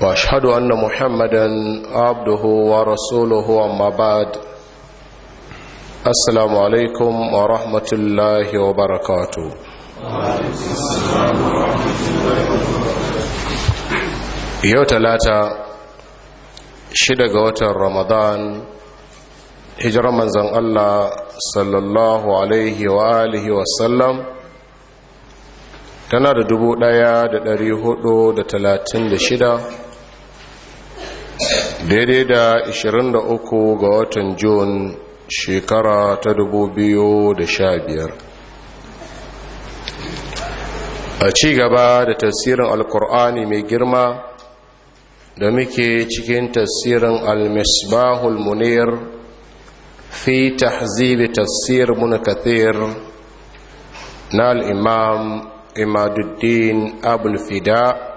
واشهد ان محمدا عبده ورسوله اما بعد السلام عليكم ورحمه الله وبركاته yau talata shida ga watan ramadan hijirar manzan allah sallallahu alaihi wa alihi tana da dubu ɗaya da dari hudu da talatin da shida daidai da 23 ga watan jun shekara ta 2015 a ci gaba da tasirin alkur'ani mai girma da muke cikin tasirin al-misbahul munir fi tahzibi tafsir munakathir na al-imam imaduddin abulfida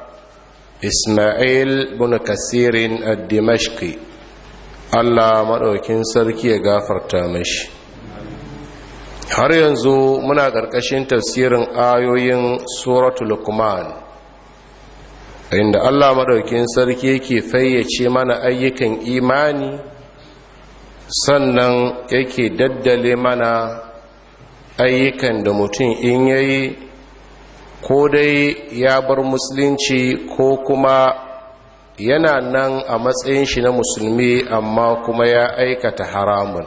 ismail bin kasirin ad-dimashqi allah maɗaukin sarki ya gafarta mashi har yanzu muna ƙarƙashin tafsirin ayoyin suratul lukman inda allah maɗaukin sarki yake fayyace mana ayyukan imani sannan yake daddale mana ayyukan da mutum in yayi ko dai ya bar musulunci ko kuma yana nan a matsayin shi na musulmi amma kuma ya aikata haramun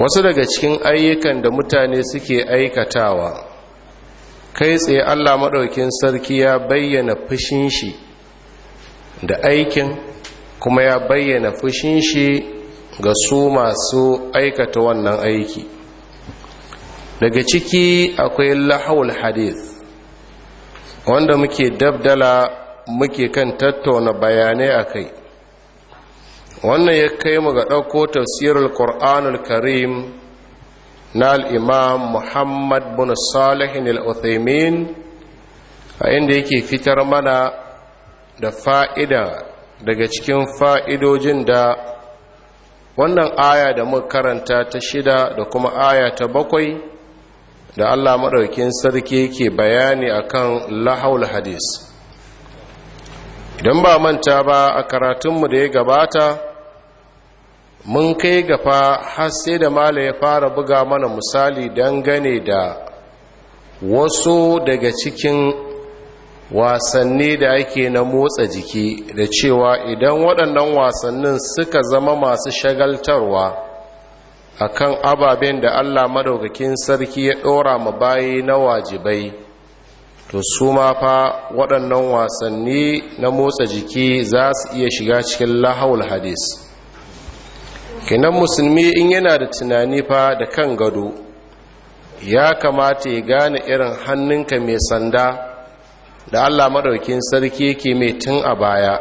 wasu daga cikin ayyukan da mutane suke aikatawa kai tsaye allah maɗaukin sarki ya bayyana fushin shi da aikin kuma ya bayyana fushin shi ga su masu aikata wannan aiki daga ciki akwai lahawul hadis wanda muke dabdala muke kan tattauna bayanai a kai wannan ya kai mu ga ɗauko tafsirar ƙor'anul karim na al'imam muhammad bin salihin al'uthaimin a inda yake fitar mana da fa'ida daga cikin fa'idojin da wannan aya da muka karanta ta shida da kuma aya ta bakwai da Allah maɗaukin sarki ke bayani akan lahaul hadis idan ba manta ba a karatunmu da ya gabata mun kai gafa har sai da mala ya fara buga mana misali dangane da wasu daga cikin wasanni da ake na motsa jiki da cewa idan waɗannan wasannin suka zama masu shagaltarwa akan ababen da Allah madaukakin sarki ya ɗora ma bayi na wajibai to su ma fa waɗannan wasanni na motsa jiki za su iya shiga cikin lahawul hadis kinan musulmi in yana da tunani fa da kan gado ya kamata ya gane irin hannunka mai sanda da Allah madaukakin sarki yake mai tun a baya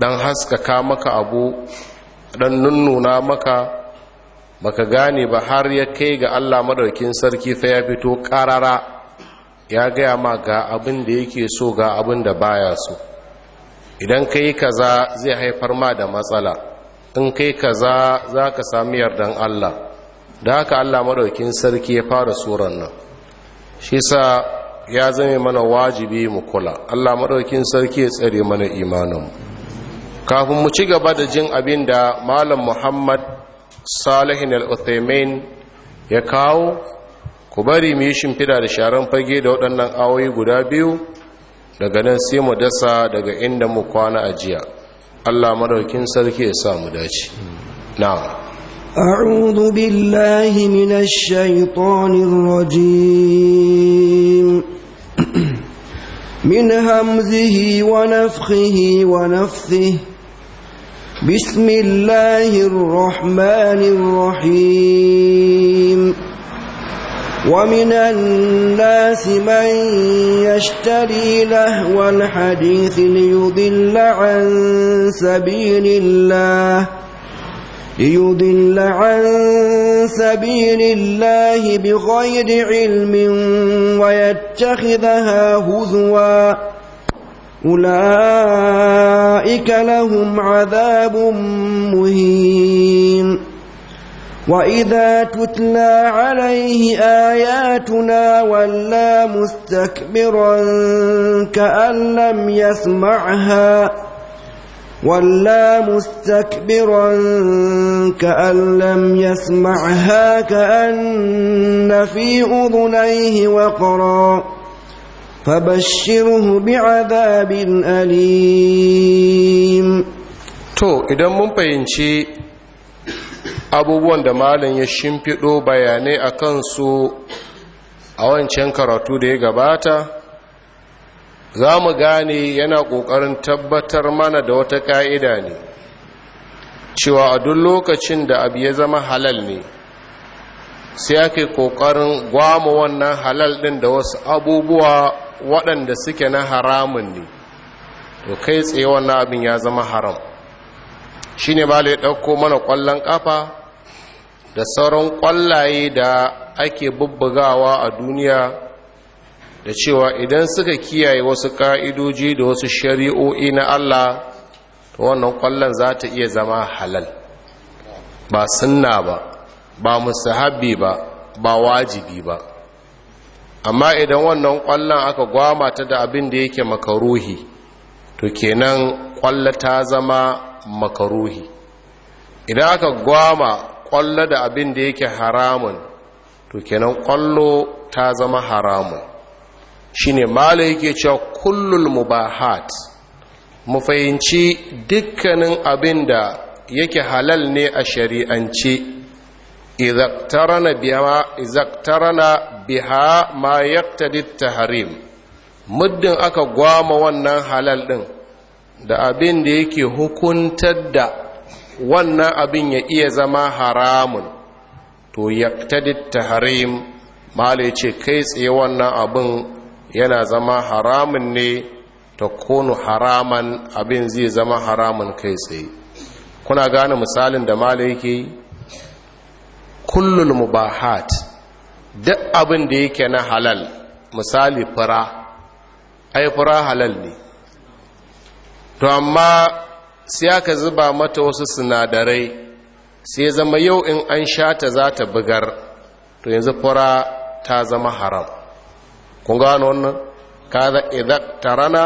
dan haskaka maka abu dan nunnuna maka baka gane ba har ya kai ga Allah madaukin sarki fa ya fito karara ya gaya ma ga abin da yake so ga abin da baya so idan kai kaza zai haifar ma da matsala in kai kaza za ka sami yardan Allah da haka Allah madaukin sarki ya fara suran nan shi sa ya zame mana wajibi mu kula Allah madaukin sarki ya tsare mana imanin kafin mu ci gaba da jin abin da malam Muhammad salihin al'uthaimain ya kawo ku bari mu yi shimfida da sharan fage da waɗannan awoyi guda biyu daga nan sai mu dasa daga inda mu kwana a jiya allah madaukin sarki ya sa mu dace na'am minash بالله rajim min hamzihi wa nafthihi wa nafthihi بسم الله الرحمن الرحيم ومن الناس من يشتري لهو الحديث ليضل عن سبيل الله ليضل عن سبيل الله بغير علم ويتخذها هزواً أولئك لهم عذاب مهين وإذا تتلى عليه آياتنا ولى مستكبرا كأن لم يسمعها ولى مستكبرا كأن لم يسمعها كأن في أذنيه وقرا فبشره بعذاب أليم to idan mun fahimci abubuwan da malam ya shimfiɗo bayanai a kansu a wancan karatu da ya gabata za mu gane yana ƙoƙarin tabbatar mana da wata ƙa'ida ne cewa a duk lokacin da abu ya zama halal ne sai ake ƙoƙarin gwama wannan halal ɗin da wasu abubuwa waɗanda suke na haramun ne to kai tsaye wannan abin ya zama haram shi ne ba ya ɗauko mana ƙwallon ƙafa da sauran ƙwallaye da ake bubbugawa a duniya da cewa idan suka kiyaye wasu ƙa'idoji da wasu shari'o'i na Allah to wannan ƙwallon za ta iya zama halal ba sunna ba ba musahabi ba ba wajibi ba amma idan wannan kwallon aka gwama ta da abin da yake makaruhi to kenan kwallo ta zama makaruhi idan aka gwama kwallo da abin da yake haramun to kenan kwallo ta zama haramun shine mala yake cewa kullul mubahat mu fahimci dukkanin abin da yake halal ne a shari'ance izaktarana biha biha ma yaqtadi muddin aka gwama wannan halal din da abin da yake hukuntar da wannan abin ya iya zama haramun to yaqtadi tahrim malai ce kai tsaye wannan abin yana zama haramun ne ta konu haraman abin zai zama haramun kai tsaye kuna gane misalin da malai yake yi kullul mubahat duk abin da yake na halal misali fura ai fura halal ne to amma sai aka zuba mata wasu sinadarai sai zama yau in an sha ta za ta bugar to yanzu fura ta zama haram kun gano wannan kaza idan tarana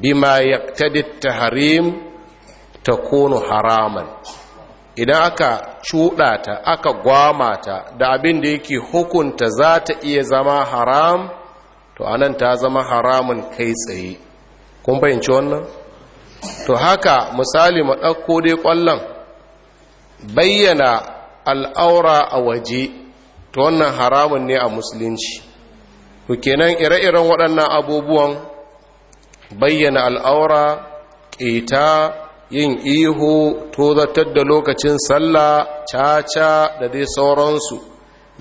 bima yaktadi tahrim takunu haraman idan aka cuɗa ta aka gwama ta da abin da yake hukunta za ta iya zama haram to anan ta zama haramun kai tsaye kun fahimci wannan to haka misali mu ɗauko dai ƙwallon bayyana al'aura a waje to wannan haramun ne a musulunci to kenan ire-iren waɗannan abubuwan bayyana al'aura ƙeta yin ihu tozatar da lokacin sallah caca da dai sauransu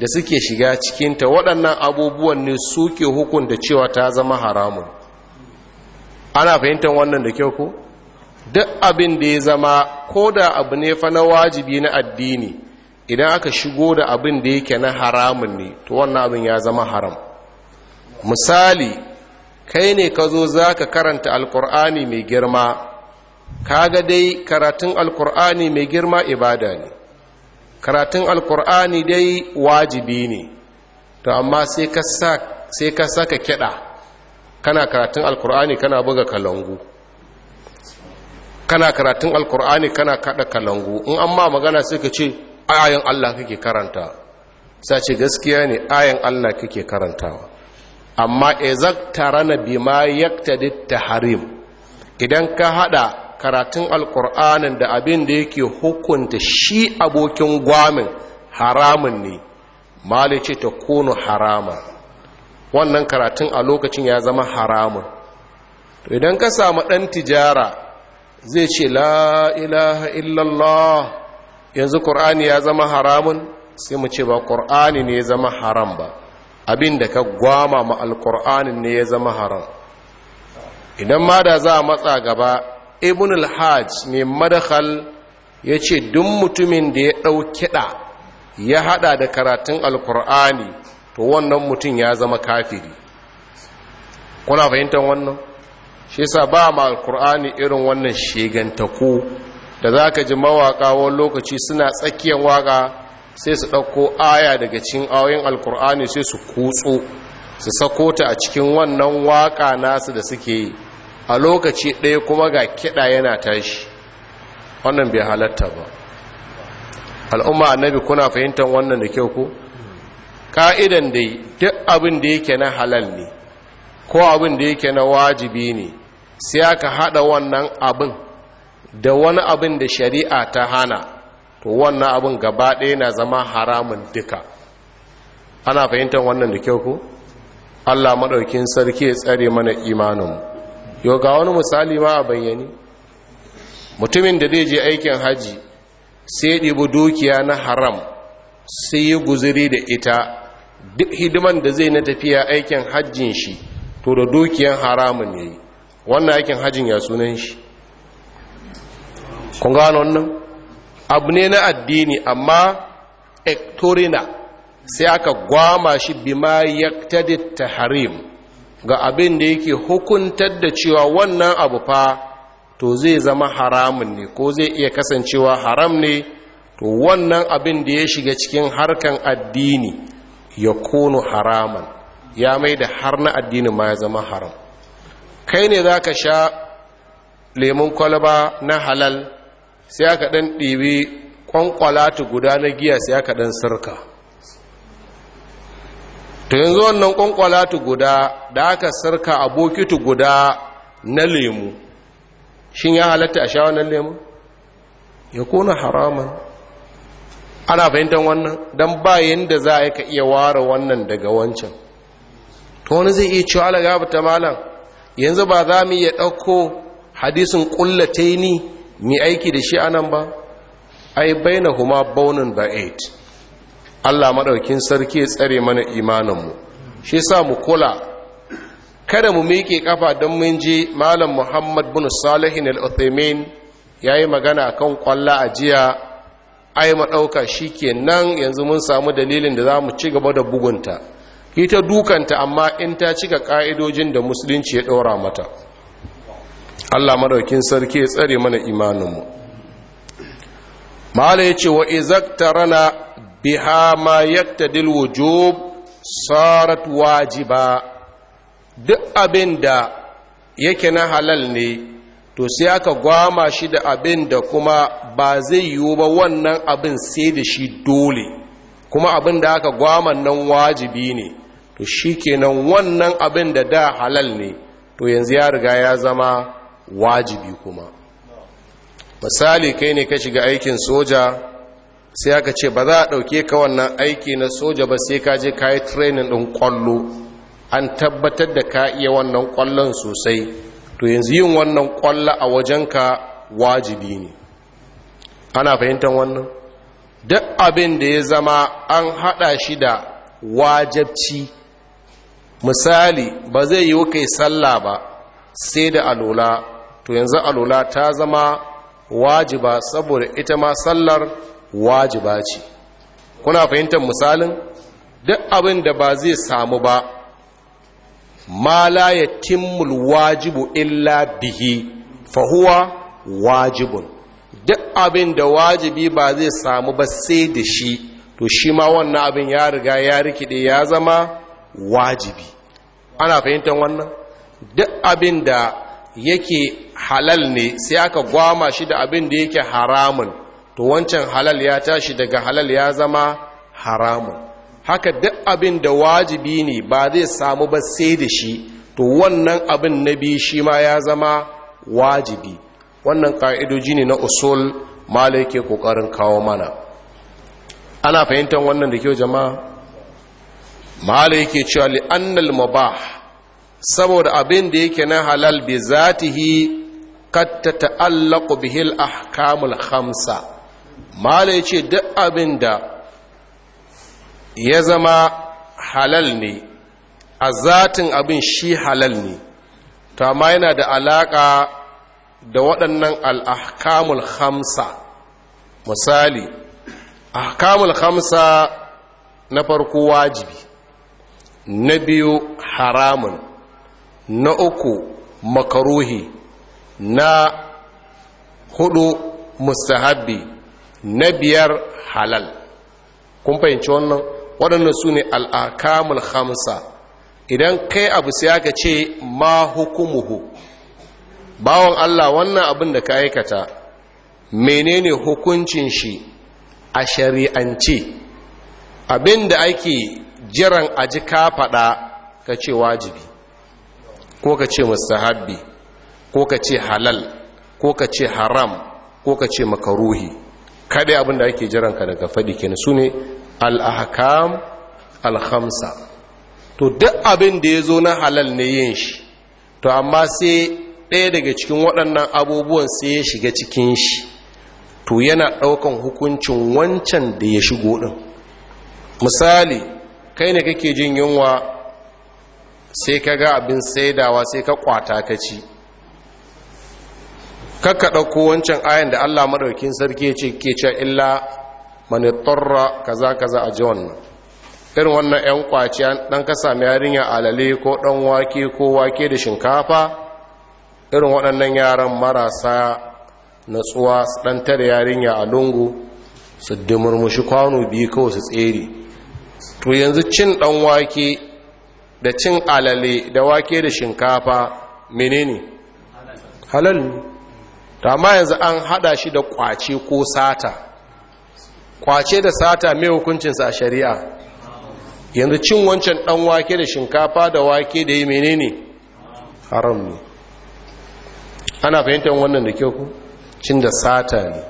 da suke shiga cikinta waɗannan abubuwan ne suke hukunta cewa ta zama haramun ana fahimtar wannan da kyau ko duk abin da ya zama ko da abu ne fa na wajibi na addini idan aka shigo da abin da yake na haramun ne to wannan abin ya zama haram misali kai ne ka zo za ka karanta alkur'ani mai girma kaga dai karatun alkur'ani mai girma ibada ne karatun alkur'ani dai wajibi ne to amma sai ka saka kiɗa kana karatun alkur'ani kana buga kalangu kana karatun alkur'ani kana kada kalangu in amma magana sai ka ce ayayin allah kake karanta sace gaskiya ne ayan allah kake karantawa amma ezak tarana bima yaktadi harim idan ka hada karatun alkur'anin da abin da yake hukunta shi abokin gwamin haramun ne mali ta kono harama wannan karatun a lokacin ya zama haramun idan ka samu ɗan tijara zai ce la illallah yanzu ƙur'ani ya zama haramun sai mu ce ba ƙur'ani ne ya zama haram ba abin da ka gwama ma alƙur'anin ne ya zama haram idan ma da za a matsa gaba ibn al-hajj mai madakhal ya ce duk mutumin da ya ɗauki ɗa ya haɗa da karatun al alkur'ani to wannan mutum ya zama kafiri kuna fahimtar wannan shi sa ba ma al alkur'ani irin wannan shegantaku da za ka ji mawaƙa wani lokaci suna tsakiyar waƙa sai su ɗauko aya daga cikin ayoyin alkur'ani sai su kutso su sako ta a cikin wannan waƙa nasu da suke yi a lokaci ɗaya kuma ga kiɗa yana tashi wannan bai halatta ba al'umma annabi kuna fahimtar wannan da kyau ko ka'idan dai duk abin da yake na halal ne ko abin da yake na wajibi ne sai aka haɗa wannan abin da wani abin da shari'a ta hana to wannan abin gaba ɗaya na zama haramun duka ana fahimtar wannan da kyau ko allah maɗaukin sarki ya tsare mana imaninmu yau ga wani misali ma a bayyani mutumin da zai je aikin haji sai ɗibi dukiya na haram sai yi guziri da ita duk hidiman da zai na tafiya aikin hajjin shi to da dukiyan haramun ne wannan aikin hajjin ya sunan shi kun gano wannan abu ne na addini amma ektorina sai aka gwama shi bima yaktadi taharim ga abin da yake hukuntar da cewa wannan abu fa to zai zama haramun ne ko zai iya kasancewa haram ne to wannan abin da ya shiga cikin harkan addini ya kono haraman ya mai da har na addini ma ya zama haram kai ne za ka sha lemun kwalaba na halal sai aka ɗan ɗibi guda na giya sai aka ɗan sirka to yanzu wannan kwankwalatu guda da aka sarka a bokitu guda na lemu shin ya halatta a sha wannan lemu ya kuna haraman ana fahimtar wannan don bayan da za a ka iya ware wannan daga wancan to wani zai iya cewa alaga ta malam yanzu ba za mu iya ɗauko hadisin ni? mai aiki da shi anan ba ai huma baunin ba'id Allah maɗaukin sarki ya tsare mana imaninmu shi sa mu kula kada mu miƙe ƙafa don mun ji malam Muhammad bin Salihin al-Uthaymin yi magana a kan ƙwallo a jiya ai shi shi nan yanzu mun samu dalilin da zamu ci gaba da bugunta Ki ta dukanta amma in ta cika ka'idojin da musulunci ya ɗora mata Allah maɗaukin sarki ya tsare mana imaninmu mala yace wa izaktarana biha ma yattadil wujub sarat wajiba duk abin da yake na halal ne to sai aka gwama shi da abin da kuma ba zai yiwu ba wannan abin sai da shi dole kuma abin da aka gwama nan wajibi ne to shi kenan wannan abin da da halal ne to yanzu ya riga ya zama wajibi kuma misali kai ne ka shiga aikin soja sai aka ce ba za a ɗauke ka wannan aiki na soja ba sai ka je ka yi training ɗin ƙwallo an tabbatar da ka iya wannan ƙwallon sosai to yanzu yin wannan ƙwallo a wajenka wajibi ne ana fahimtar wannan duk abin da ya zama an haɗa shi da wajabci misali ba zai yi kai sallah ba sai da alola to yanzu alola ta zama wajiba saboda ita ma sallar wajiba ce kuna fahimtar misalin duk abin da ba zai samu ba ma la timul wajibu illa bihi fa huwa wajibun duk abin da wajibi ba zai samu ba sai da shi to shi ma wannan abin ya riga ya rikide ya zama wajibi ana fahimtar wannan duk abin da yake halal ne sai aka gwama shi da abin da yake haramun to wancan halal ya tashi daga halal ya zama haramun haka duk abin da wajibi ne ba zai samu ba sai da shi to wannan abin na biyu shi ma ya zama wajibi wannan ka'idoji ne na usul malai yake kokarin kawo mana ana fahimtar wannan da kyau jama'a malai yake cewa li'annal mubah saboda abin da yake na halal bi zatihi kat ta'allaku bihil ahkamul khamsa mala ya ce duk abin da ya zama halal ne a zatin abin shi halal ne ta ma yana da alaƙa da waɗannan al'ahkamul hamsa misali ahkamul hamsa na farko wajibi na biyu haramun na uku makaruhi na hudu mustahabbi na biyar halal kun fahimci wannan waɗannan su ne al'akamul hamsa idan kai abu sai aka ce ma hukumuhu bawon Allah wannan abin da ka aikata menene hukuncin shi a shari'ance abin da ake jiran aji ka faɗa ka ce wajibi ko ka ce mustahabbi ko ka ce halal ko ka ce haram ko ka ce makaruhi kada abin da ake jiran ka daga faɗi kenan su ne al al’amsa to duk abin da ya zo na halal ne yin shi to amma sai ɗaya daga cikin waɗannan abubuwan sai ya shiga cikin shi to yana ɗaukan hukuncin wancan da ya shigo ɗin misali kai ne kake jin yunwa sai ka ga abin saidawa sai ka kwata ka ci kakka ɗauko wancan ayan da allah maɗaukin sarki ce ke ce illa manittarra kaza kaza a ji wannan irin wannan 'yan kwaci ɗan ka sami yarinya alale ko ɗan wake ko wake da shinkafa irin waɗannan yaran marasa natsuwa su ɗan tare yarinya a lungu su dimurmushi kwano biyu kawai su tsere to yanzu cin ɗan wake da cin alale da wake da shinkafa menene halal ne ta ma yanzu an hada shi da kwace ko sata kwace da sata mai hukuncinsa a shari'a yanzu cin wancan dan wake da shinkafa da wake da yi menene haram ne ana fahimtar wannan da kyau ku cin da sata ne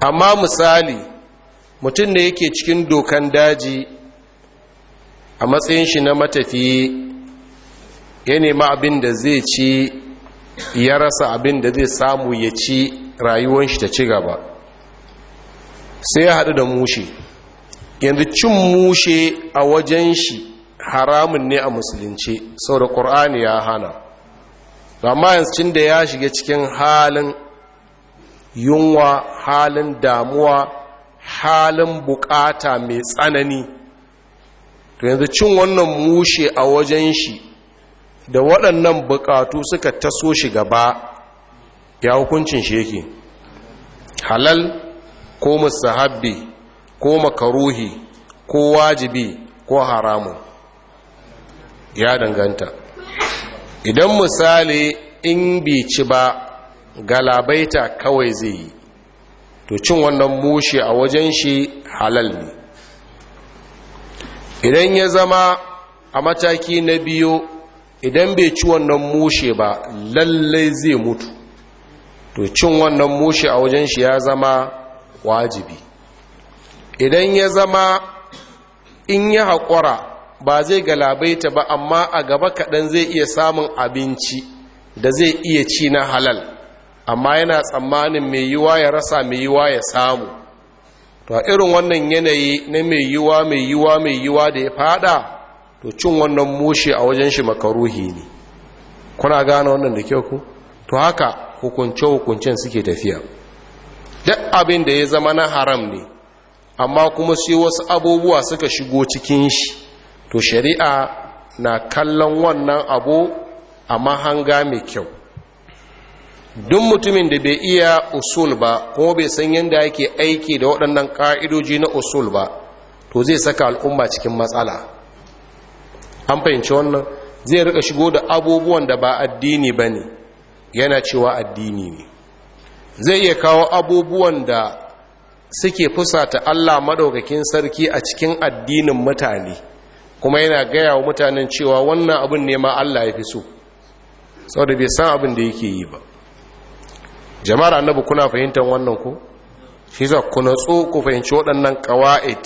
amma misali mutum da yake cikin dokan daji a matsayin shi na matafiye ya nema abin da zai ci ya rasa abin da zai samu ya ci rayuwar shi ta ci gaba sai ya haɗu da mushe yanzu cin mushe a wajen shi haramun ne a musulunci sau da ƙur'ani ya hana amma yanzu da ya shiga cikin halin yunwa halin damuwa halin bukata mai tsanani to yanzu cin wannan mushe a wajen shi da waɗannan buƙatu suka taso shi gaba ya hukuncin shi yake halal ko musahabbi ko makaruhi ko wajibi ko haramun ya danganta idan misali in bi ci ba galabaita kawai zai yi to cin wannan mushi a wajen shi halal ne idan ya zama a mataki na biyu idan bai ci wannan mushe ba lallai zai mutu to cin wannan mushe a wajen shi ya zama wajibi idan ya zama in ya haƙura ba zai galabaita ba amma a gaba kaɗan zai iya samun abinci da zai iya ci na halal amma yana tsammanin mai yiwa ya rasa mai yiwa ya samu to irin wannan yanayi na mai yiwa mai yiwa mai yiwa da ya fada to cin wannan mushe a wajen shi makaruhi ne kuna gane wannan da kyau ku to haka hukunce-hukuncen suke tafiya duk abin da ya zama na haram ne amma kuma sai wasu abubuwa suka shigo cikin shi to shari'a na kallon wannan abu a mahanga mai kyau duk mutumin da bai iya usul ba kuma bai san yadda ake aiki da waɗannan ƙa'idoji na usul ba to zai saka al'umma cikin matsala an fahimci wannan zai rika shigo da abubuwan da ba addini ba ne yana cewa addini ne zai iya kawo abubuwan da suke fusata allah maɗaukakin sarki a cikin addinin mutane kuma yana gaya wa mutanen cewa wannan abin ne ma allah ya fi so sau da bai san abin da yake yi ba jama'ar annabi kuna fahimtar wannan ko shi za ku natsu ku fahimci waɗannan ƙawa'id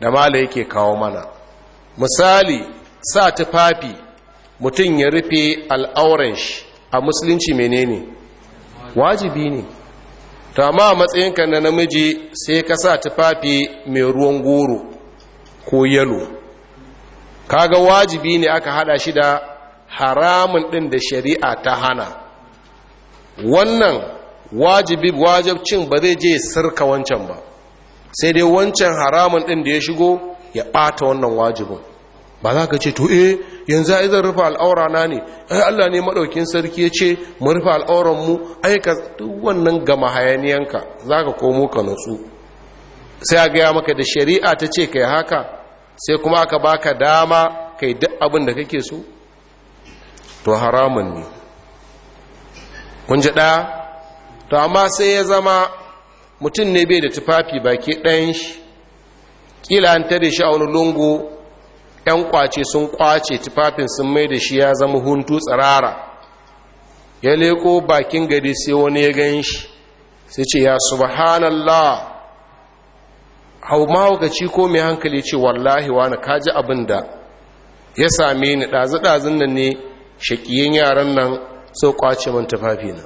da mala yake kawo mana misali sa tufafi mutum ya rufe al'auran shi a musulunci menene wajibi ne to amma a matsayinka na namiji sai ka sa tufafi mai ruwan goro ko yalo kaga wajibi ne aka hada shi da haramun din da shari'a ta hana wannan wajibi wajibcin ba zai je sirka wancan ba sai dai wancan haramun din da ya shigo ya bata wannan wajibin ba za ka ce to eh yanzu ai zan rufe al'aura na ne ai Allah ne maɗaukin sarki ya ce mu rufe al'auran mu ai duk wannan gama hayaniyanka zaka komo ka nutsu sai a gaya maka da shari'a ta ce kai haka sai kuma aka baka dama kai duk abin da kake so to haramun ne kun ji ɗaya to amma sai ya zama mutum ne bai da tufafi baki ɗayan shi Ƙila an tare shi a wani lungu 'yan kwace sun kwace tufafin sun mai da shi ya zama huntu tsirara ya leko bakin gari sai wani ya gan shi sai ce ya subhanallah hau mahaukaci ko mai hankali ce wallahi wani kaji abin da ya same ni ɗazu-ɗazun nan ne shaƙiyin yaran nan sau kwace man tufafi na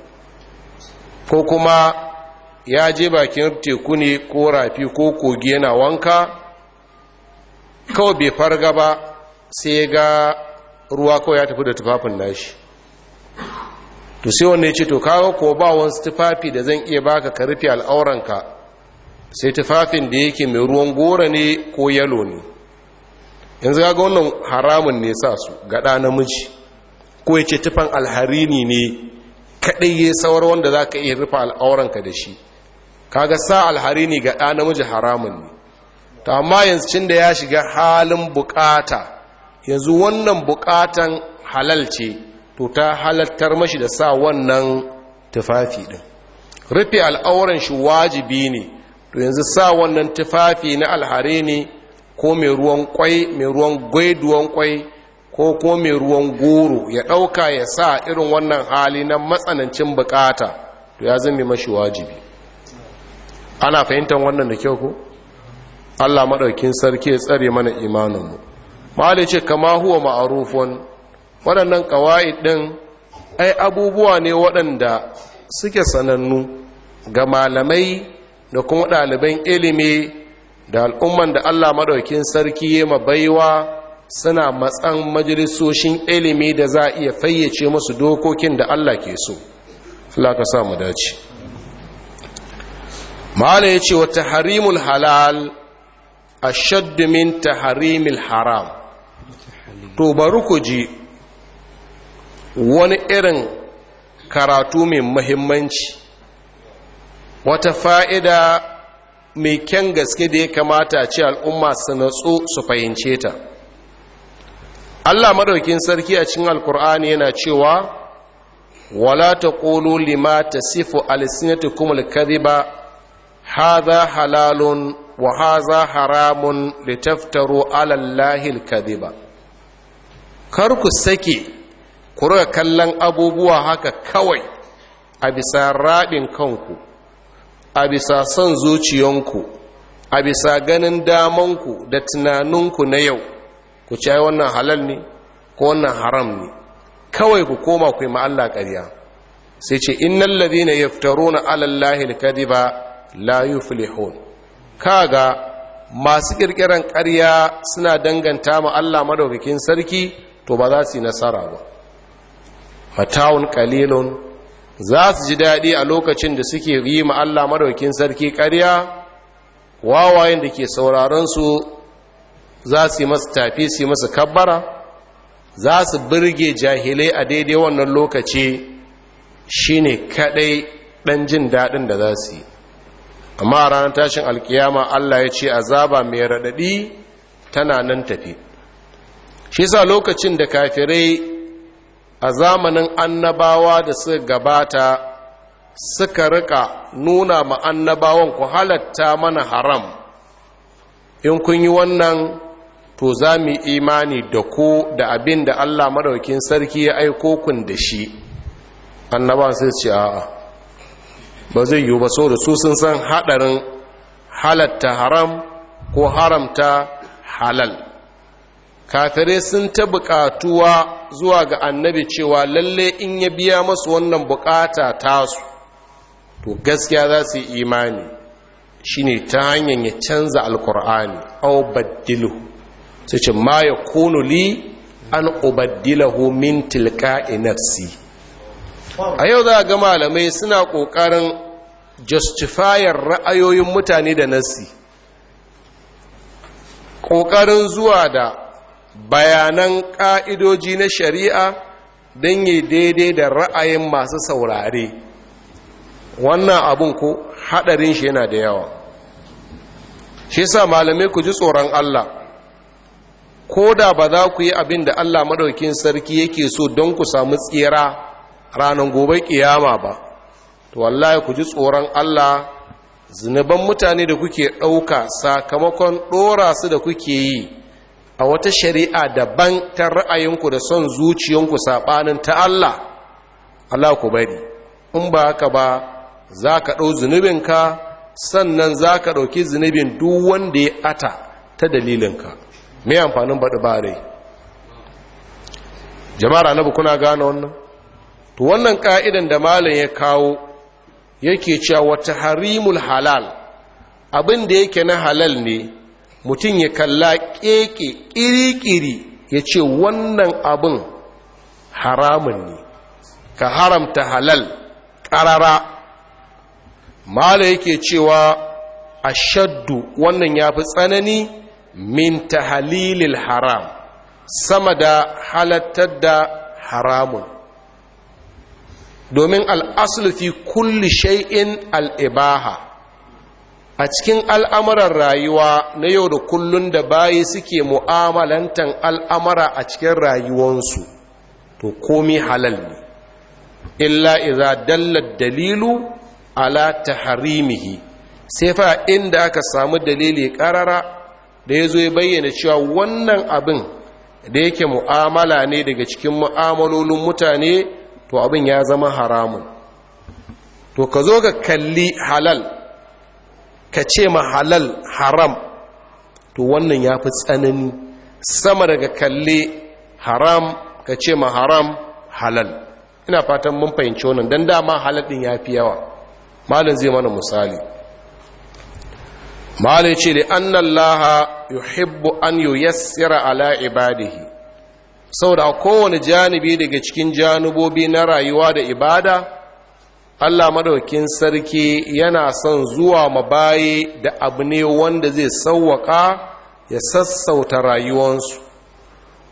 ko kuma ya je bakin teku ne ko rafi ko kogi yana wanka kawai bai farga ba sai ga ruwa kawai ya tafi da tufafin nashi to sai wanda ya ce to kawo ko ba wasu tufafi da zan iya baka ka rufe al'auranka sai tufafin da yake mai ruwan gora ne ko yalo ne yanzu ga wannan haramun ne sa su gaɗa namiji ko ya ce tufan alharini ne kaɗai ya saurar wanda za ka iya rufe al'auranka da shi kaga sa alharini gaɗa namiji haramun ne to amma yanzu cin da ya shiga halin bukata yanzu wannan bukatan halal ce to ta halattar mashi da sa wannan tufafi din rufe al'auran shi wajibi ne to yanzu sa wannan tufafi na alhare ne ko mai ruwan kwai mai ruwan gwaiduwan kwai ko ko mai ruwan goro ya ɗauka ya sa irin wannan hali na matsanancin bukata to ya zama mashi wajibi ana fahimtar wannan da kyau ko Allah maɗaukin sarki ya tsare mana imaninmu ma'ala ce kama huwa ma'arufan waɗannan ƙawa'id ɗin ai abubuwa ne waɗanda suke sanannu ga malamai da kuma ɗaliban ilimi da al'umman da Allah maɗaukin sarki ya baiwa suna matsan majalisoshin ilimi da za a iya fayyace musu dokokin da Allah ke so Allah ka sa mu dace ma'ala ya ce wata harimul halal ashaddu min taharimil haram to bari ku ji wani irin karatu mai mahimmanci wata fa'ida mai kyan gaske da ya kamata ce al'umma su natsu su fahimce ta Allah madaukin sarki a cikin alkur'ani yana cewa wala ta ƙolo lima ta sifo alisinatu kuma alkariba haza halalun wa haza haramun litaftaru ala Allahil kar ku sake ku riga kallon abubuwa haka kawai a bisa raɗin kanku a bisa son zuciyanku a bisa ganin damanku da tunaninku na yau ku ci wannan halal ne ko wannan haram ne kawai ku koma ku yi ma'alla ƙarya sai ce innan ladina yaftaruna ala Allahil kadhiba la kaga masu kirkiran ƙarya suna danganta ma Allah madaukakin sarki to ba za su yi nasara ba matawun kalilun za su ji daɗi a lokacin da suke yi ma Allah madaukakin sarki ƙarya wawayen da ke sauraron su za su yi masu tafi su masu kabbara za su birge jahilai a daidai wannan lokaci shine kaɗai ɗan jin daɗin da za su yi amma a ranar tashin alkiyama Allah ya ce azaba mai raɗaɗi tana nan tafi shi sa lokacin da kafirai a zamanin annabawa da suka gabata suka rika nuna ma annabawan ku halatta mana haram in kun yi wannan to za mu imani da ku da abin da Allah maɗaukin sarki ya aiko kun da shi annabawan sai ce a'a ba zai yiwu ba saboda su sun san haɗarin halatta haram ko haramta halal kafirai sun ta buƙatuwa zuwa ga annabi cewa lalle in ya biya masu wannan buƙata tasu to gaskiya za su yi imani shine ta hanyar ya canza alkur'ani au baddilu sai ce ma ya kunu li an ubaddilahu min tilka'i nafsi a yau za a ga malamai suna ƙoƙarin justifayar ra'ayoyin mutane da nassi ƙoƙarin zuwa da bayanan ƙa'idoji na shari'a don yi daidai da ra'ayin masu saurare wannan abin ko haɗarin shi yana da yawa shi sa malamai ku ji tsoron Allah ko da ba za ku yi abin da Allah maɗaukin sarki yake so don ku samu tsira ranar gobe kiyama ba to wallahi ku ji tsoron Allah zunuban mutane da kuke ɗauka sakamakon ɗora su da kuke yi a wata shari'a daban ta ra'ayinku da son zuciyanku saɓanin ta Allah Allah ku bari in ba haka ba za ka ɗau zunubinka sannan za ka ɗauki zunubin duk wanda ya ata ta dalilinka mai amfanin baɗi ba rai jama'ar anabu kuna gane wannan to wannan ka'idan da malam ya kawo yake cewa wata harimul halal abin da yake na halal ne mutum ya kalla keke kirikiri ya ce wannan abin haramun ne ka haramta halal ƙarara malam yake cewa a shaddu wannan ya fi tsanani min halilil haram sama da halattar da haramun domin al’asul fi kulli shay'in al'ibaha a cikin al'amuran rayuwa na yau da kullun da bayi suke mu'amalantan al'amara a cikin rayuwansu to komi halal ne illa iza dallar dalilu ala taharimihi sai fa inda aka samu dalili karara da ya zo ya bayyana cewa wannan abin da yake mu'amala ne daga cikin mu'amalolin mutane to abin ya zama haramun to ka zo ga kalli halal ka ce ma halal haram to wannan ya fi tsanani sama daga kalli haram ka ce ma haram halal ina fatan mun fahimci wannan don dama halal ɗin ya fi yawa malin zai mana misali malin ce da annan laha yuhibbu an yuyassira ala ibadihi saboda kowane janibi daga cikin janubobi na rayuwa da ibada Allah madaukin sarki yana son zuwa mabaye da abu ne wanda zai sauwaka ya sassauta rayuwansu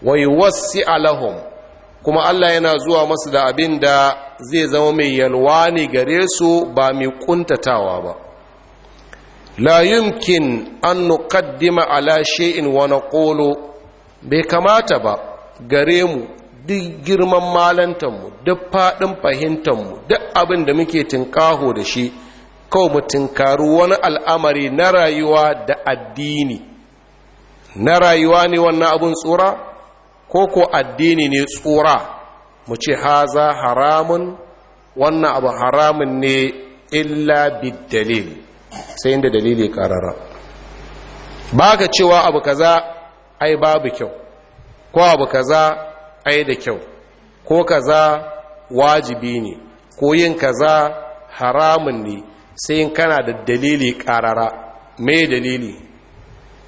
wai wasi alahum kuma Allah yana zuwa masu da abin da zai zama mai yalwa ne gare su ba mai kuntatawa ba la yumkin an nuqaddima ala shay'in wa naqulu bai kamata ba gare mu duk girman malantanmu duk faɗin fahimtanmu duk abin da muke tinkaho da shi kawo mu tinkaru wani al'amari na rayuwa da addini na rayuwa ne wannan abin tsura ko ko addini ne tsura mu ce haza haramun wannan abu haramun ne illa dalil sai inda dalili karara ba ka cewa abu kaza ai babu kyau ko abu kaza ai da kyau ko kaza wajibi ne ko yin kaza haramun ne sai in kana da dalili karara mai dalili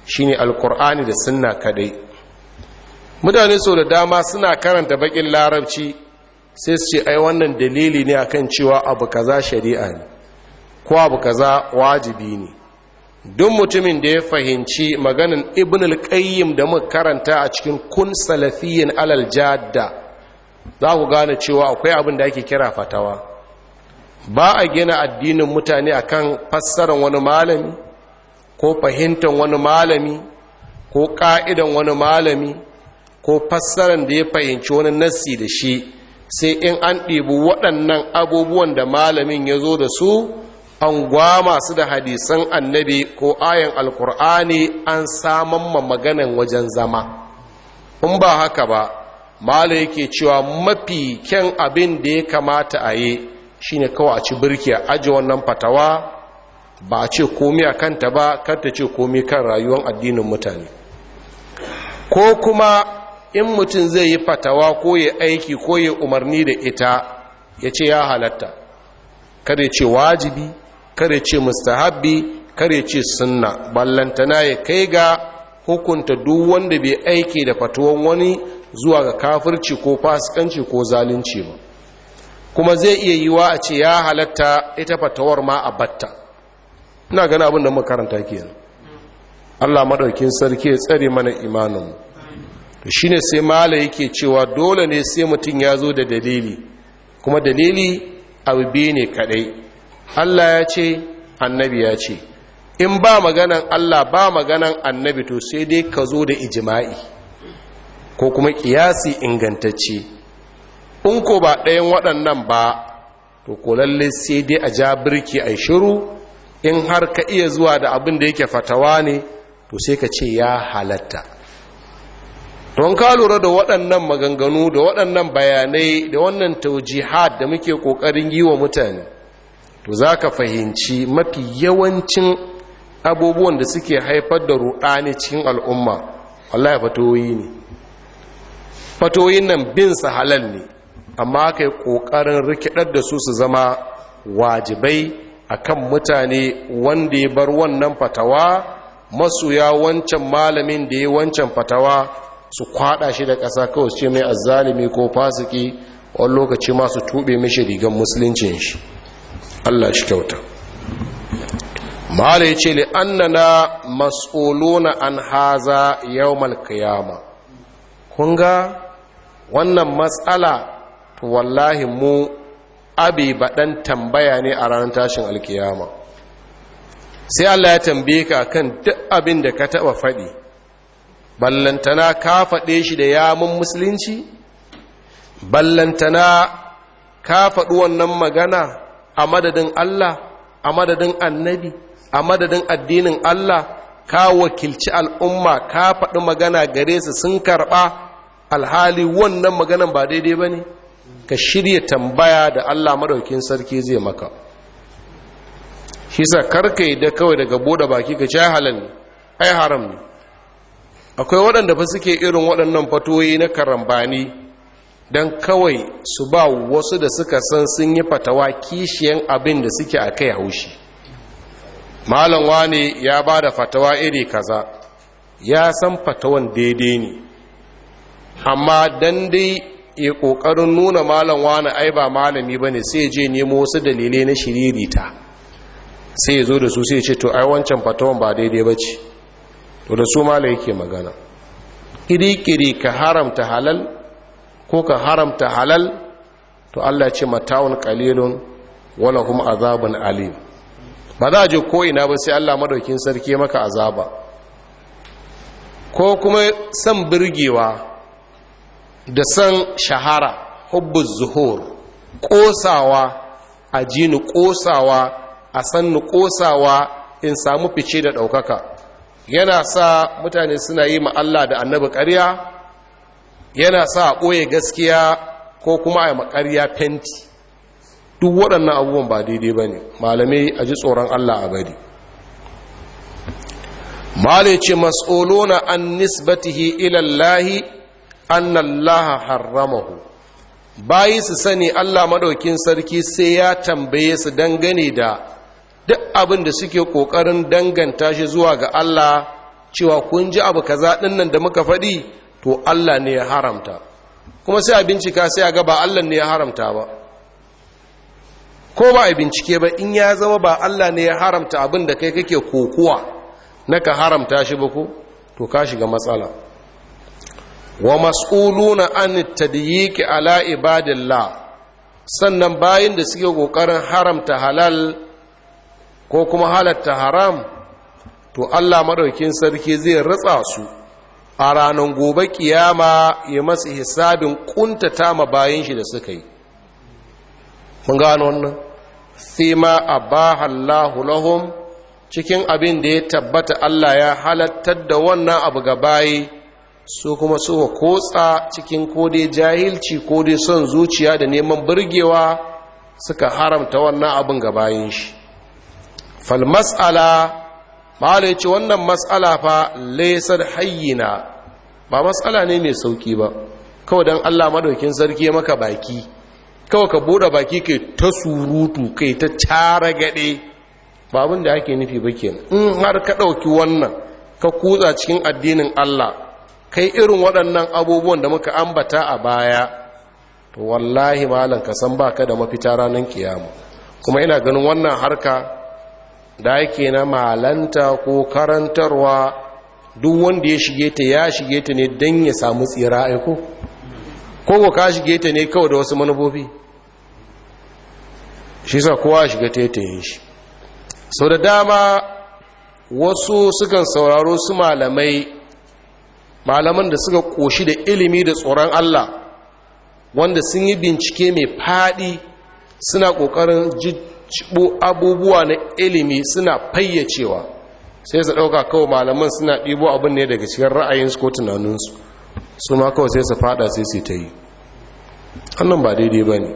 shine alkur'ani da sunna kadai mutane so da dama suna karanta bakin larabci sai su ce ai wannan dalili ne akan cewa abu kaza shari'a ne ko abu kaza wajibi ne duk mutumin da ya fahimci maganin ibn al-qayyim da muka karanta a cikin kun salafiyin alal jadda za ku gane cewa akwai abin da ake kira fatawa ba a gina addinin mutane akan fassarar wani malami ko fahimtar wani malami ko ka'idan wani malami ko fassarar da ya fahimci wani nassi da shi sai in an ɗibi waɗannan abubuwan da malamin ya zo da su an gwama su da hadisan annabi ko ayan alkur'ani an saman ma maganan wajen zama in ba haka ba mala yake cewa mafi kyan abin da ya kamata a yi shine kawai a ci birki a aji wannan fatawa ba a ce komi a kanta ba kanta ce komi kan rayuwar addinin mutane ko kuma in mutum zai yi fatawa ko ya aiki ko ya umarni da ita ya ce ya halatta kada ya ce wajibi kare ce mustahabbi kare ce sunna ballantana ya kai ga hukunta duk wanda bai aiki da fatuwan wani zuwa ga kafirci ko fasikanci ko zalunci ba kuma zai iya yiwa a ce ya halatta ita fatawar ma a batta ina gani abin da makaranta kenan Allah madaukin sarki ya tsare mana imanin to shine sai mala yake cewa dole ne sai mutum ya zo da dalili kuma dalili abu ne kadai Allah ya ce annabi ya ce in ba maganan Allah ba maganan annabi to sai dai ka zo da ijima'i ko kuma kiyasi ingantacce in ko ba ɗayan waɗannan ba to ko lalle sai dai a ja birki a shiru in har ka iya zuwa da abin da yake fatawa ne to sai ka ce ya halatta don ka lura da waɗannan maganganu da waɗannan bayanai da wannan taujihad da muke ƙoƙarin yi wa mutane to za ka fahimci mafi yawancin abubuwan da suke haifar da ruɗani cikin al'umma wallahi fatoyi ne fatoyi nan bin su halal ne amma kai ƙoƙarin rikidar da su su zama wajibai akan mutane wanda ya bar wannan fatawa ya wancan malamin da ya wancan fatawa su kwada shi da ƙasa kawai ce mai azzalimi ko fasiki wani lokaci masu tuɓe mashi rigar musuluncin shi Allah shi kyauta mala yace li annana mas'uluna an haza yawmal qiyama kun ga wannan matsala to wallahi mu abi baɗan tambaya ne a ranar tashin alkiyama sai Allah ya tambaye ka kan duk abin da ka taɓa faɗi ballantana ka faɗe shi da yamun musulunci ballantana ka faɗi wannan magana a madadin Allah a madadin annabi a madadin addinin Allah ka wakilci al'umma ka faɗi magana gare su sun karɓa alhali wannan maganan ba daidai ba ne ka shirya tambaya da Allah madaukin sarki zai maka shi sa yi da kawai daga buɗe baki ka ci halal ne ai haram ne akwai waɗanda fa suke irin waɗannan fatoyi na karambani don kawai su ba wasu da suka san sun yi fatawa kishiyan abin da suke a kai haushi malon wani ya ba da fatawa iri kaza ya san fatawan daidai ne amma don dai ya ƙoƙarin nuna malon wani ai ba malami ba ne sai je nemo wasu dalilai na shiririta sai ya zo da su sai ce to ai wancan fatawan ba daidai ba ce to da su malam yake magana kiri-kiri ka haramta halal ko ka haramta halal to Allah ce mata'un qalilun wala kuma azabun alim ba za a je ko ina ba sai Allah madaukin sarki maka azaba ko kuma san birgewa da san shahara hubbuz zuhur kosawa a jini kosawa a san ni kosawa in samu fice da ɗaukaka yana sa mutane suna yi ma Allah da annabi ƙarya yana sa a ɓoye gaskiya ko kuma a yi makarya fenti duk waɗannan abubuwan ba daidai ba ne malamai a ji tsoron allah a bari male ce mas'olona an nisbatihi ilallahi annallaha harramahu bayi su sani allah maɗaukin sarki sai ya tambaye su dangane da duk abin da suke ƙoƙarin danganta shi zuwa ga allah cewa kun ji abu kaza ɗin nan da muka faɗi to Allah ne ya haramta kuma sai a bincika sai a ga ba Allah ne ya haramta ba ko ba a bincike ba in ya zama ba Allah ne ya haramta abin da kai kake kokuwa na ka haramta shi ba ko to ka shiga matsala wa mas'uluna an tadyiki ala ibadillah sannan bayin da suke kokarin haramta halal ko kuma halatta haram to Allah madaukin sarki zai ratsa su a ranar gobe kiyama ya masa hisabin kuntata ma bayan shi da suka yi mun gano wannan a abahallahu lahum cikin abin da ya tabbata Allah ya halattar da wannan abu ga bayi su kuma suka kotsa cikin kode jahilci kode son zuciya da neman burgewa suka haramta wannan abin ga bayan shi falmas'ala mala ya ce wannan matsala fa laisar hayyina ba matsala ne mai sauki ba kawai don allah madaukin sarki ya maka baki kawai ka bude baki kai ta surutu kai ta cara gade ba abin da ake nufi ba ke in har ka ɗauki wannan ka kutsa cikin addinin allah kai irin waɗannan abubuwan da muka ambata a baya to wallahi malam ka san ka da mafita ranar kiyama kuma ina ganin wannan harka da yake na malanta ko karantarwa duk wanda ya shige ta ya shige ta ne don ya samu tsira aiko ko ka shige ta ne kawai da wasu manubobi shi sa kowa shiga taitayin shi sau da dama wasu sukan sauraro su malamai malaman da suka koshi da ilimi da tsoron allah wanda sun yi bincike mai faɗi suna ƙoƙarin cibo abubuwa na ilimi suna fayyacewa sai su ɗauka kawai malaman suna ɗibo abin ne daga cikin ra'ayinsu ko tunaninsu su ma kawai sai su fada sai su ta yi annan ba daidai ba ne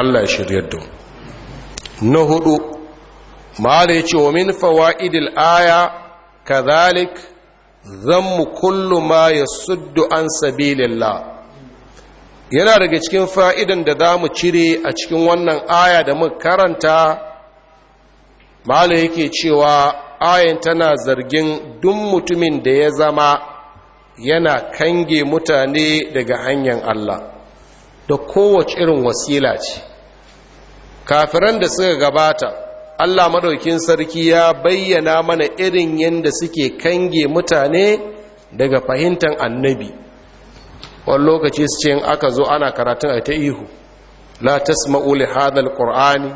allah ya shiryar da na hudu ma'ala ya ce wa min fawa'idil aya kazalik mu kullu ma ya suddu an sabilillah yana daga cikin fa'idan da za mu cire a cikin wannan aya da muka karanta malu yake cewa ayan tana zargin duk mutumin da ya zama yana kange mutane daga hanyar Allah da kowace irin wasila ce kafiran da suka gabata Allah madaukin sarki ya bayyana mana irin yadda suke kange mutane daga fahimtar annabi wani lokaci su ce in aka zo ana karatun a ta ihu la tasma'u li hadhal ƙorani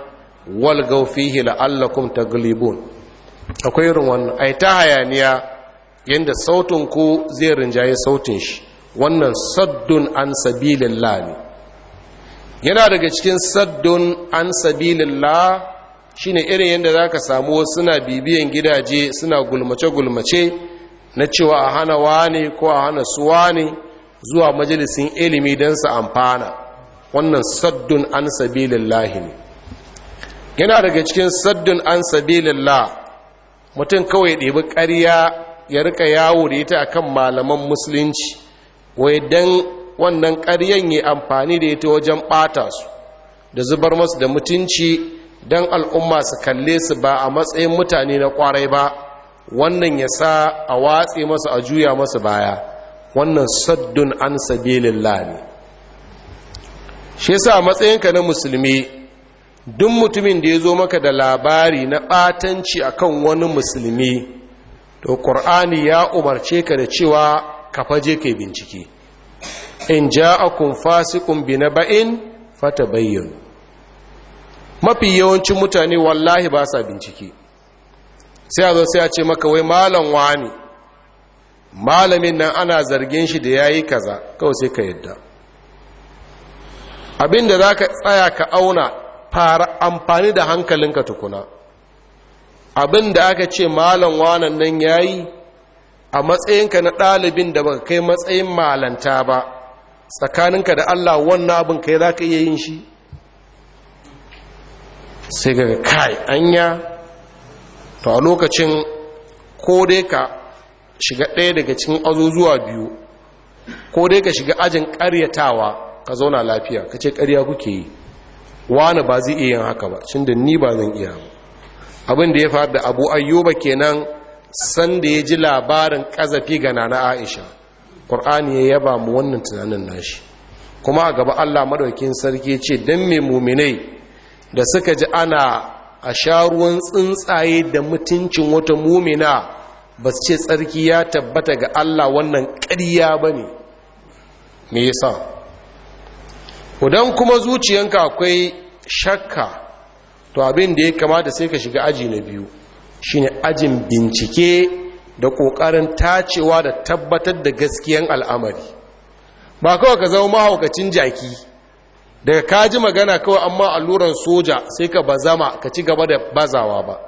wal gawfihi la'allakum gulibun akwai irin wannan ai ta hayaniya yadda sautin ku zai rinjaye sautin shi wannan saddun an la ne yana daga cikin saddun an shi ne irin yadda za ka samu suna bibiyan gidaje suna gulmace-gulmace na cewa a hana wa ne, ko a hana suwa ne zuwa majalisin ilimi don su amfana wannan saddun an sabilillahi ne yana daga cikin saddun an sabilillah mutum kawai ɗebi ƙarya ya rika yawo da ita akan malaman musulunci wai don wannan ƙaryan yi amfani da ita wajen ɓata su da zubar masu da mutunci don al'umma su kalle su ba a matsayin mutane na ƙwarai ba wannan ya sa a watse masu a juya masu baya wannan saddun an sabilin lani shi sa matsayinka na musulmi duk mutumin da ya zo maka da labari na ɓatanci akan wani musulmi to ƙur'ani ya umarce ka da cewa ka je kai bincike in na ba'in, fata bayyano. mafi yawancin mutane wallahi ba sa bincike sai a zo sai a ce maka wai malam wani malamin nan ana zargin shi da ya yayi kaza kawai sai ka yadda abinda za ka tsaya ka auna fara amfani da hankalinka tukuna abinda aka ce malam wanan nan ya yi, a matsayinka na ɗalibin da baka kai matsayin malanta ba tsakaninka da Allah wannan abin kai za ka iya yin shi sai ga kai anya to a lokacin ko dai ka shiga ɗaya daga cikin azuzuwa biyu ko dai ka shiga ajin ƙaryatawa ka zauna lafiya ka ce ƙarya kuke yi wani ba zai iya yin haka ba cin da ni ba zan iya abin da ya faru da abu ayyuba kenan san da ya ji labarin ƙazafi ga nana aisha ƙur'ani ya yaba mu wannan tunanin nashi kuma a gaba allah maɗaukin sarki ce don mai muminai da suka ji ana a sha ruwan tsuntsaye da mutuncin wata mumina ba su ce tsarki ya tabbata ga Allah wannan ƙarya ba ne me yasa ƙudan kuma zuciyanka akwai shakka to abin da ya kamata sai ka shiga aji na biyu shine ajin bincike da ƙoƙarin tacewa da tabbatar da gaskiyan al'amari ba kawai ka zama mahaukacin jaki daga kaji magana kawai amma alluran soja sai ka bazama ka ci gaba da bazawa ba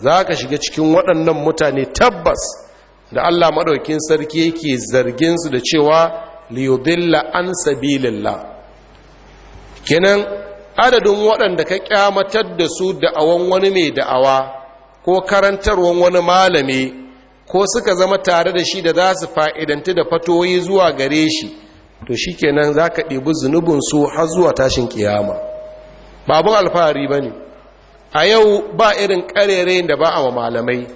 za ka shiga cikin waɗannan mutane tabbas da Allah maɗaukin sarki yake su da cewa liyudilla an sabilillah kenan adadin waɗanda ka ƙyamatar da su da'awan wani mai da'awa ko karantarwan wani malami ko suka zama tare da shi da za su fa'idanti da fatoyi zuwa gare shi to shi kenan za ka ɗibi zunubinsu har zuwa tashin kiyama babin alfahari ba ne a yau ba irin karere da ba a wa malamai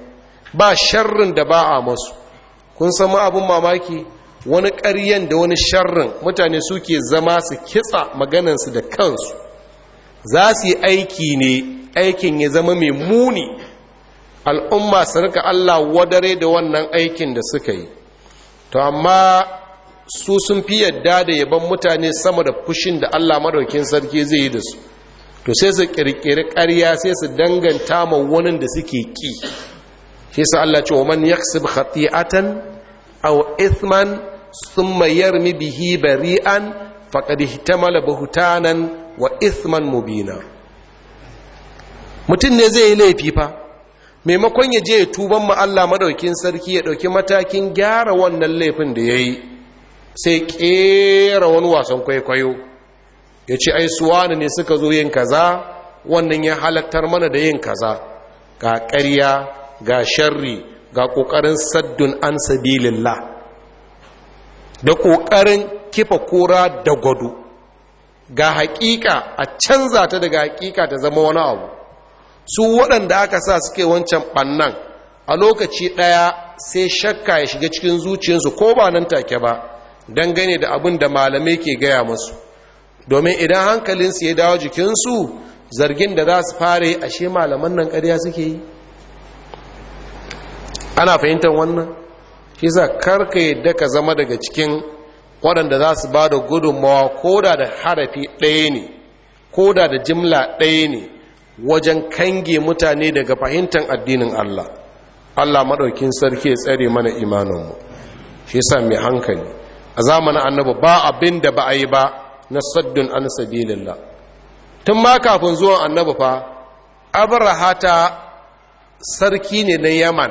ba sharrin da ba a masu kun san abin mamaki wani ƙaryen da wani sharrin mutane suke zama su kitsa maganansu da kansu za su yi aiki ne aikin ya zama mai muni al'umma su rika allah wadare da wannan aikin da suka yi to amma su sun fi yadda da yaban mutane sama da fushin da allah madaukin sarki zai yi da su to sai su kirkiri ƙarya sai su danganta ma wani da suke ƙi. shi sa Allah ce wa man yaksib khati'atan aw ithman thumma yarmi bihi bari'an faqad ihtamala buhtanan wa ithman mubina mutum ne zai yi laifi fa maimakon ya je ya tuban ma Allah madaukin sarki ya dauki matakin gyara wannan laifin da yayi sai kera wani wasan kwaikwayo ya ce ai suwani ne suka zo yin kaza wannan ya halattar mana da yin kaza ga ƙarya ga sharri ga ƙoƙarin saddun an sabilillah da ƙoƙarin kifa kora da gwado ga haƙiƙa a canza ta daga haƙiƙa ta zama wani abu su waɗanda aka sa suke wancan ɓannan a lokaci ɗaya sai shakka ya shiga cikin zuciyarsu ko ba nan take ba dangane da abin da malamai ke gaya masu domin idan hankalinsu ya dawo jikinsu zargin da za su fara yi ashe malaman nan ƙarya suke yi ana fahimtar wannan shi sa karka yadda ka zama daga cikin waɗanda za su ba da gudunmawa ko da da harafi ɗaya ne ko da da jimla ɗaya ne wajen kange mutane daga fahimtar addinin allah allah maɗaukin sarki ya tsare mana imaninmu shi sa mai hankali a zamanin annaba ba abin da ba a yi ba na saddun an sabilillah tun ma kafin zuwan annabi fa abrahata sarki ne na yaman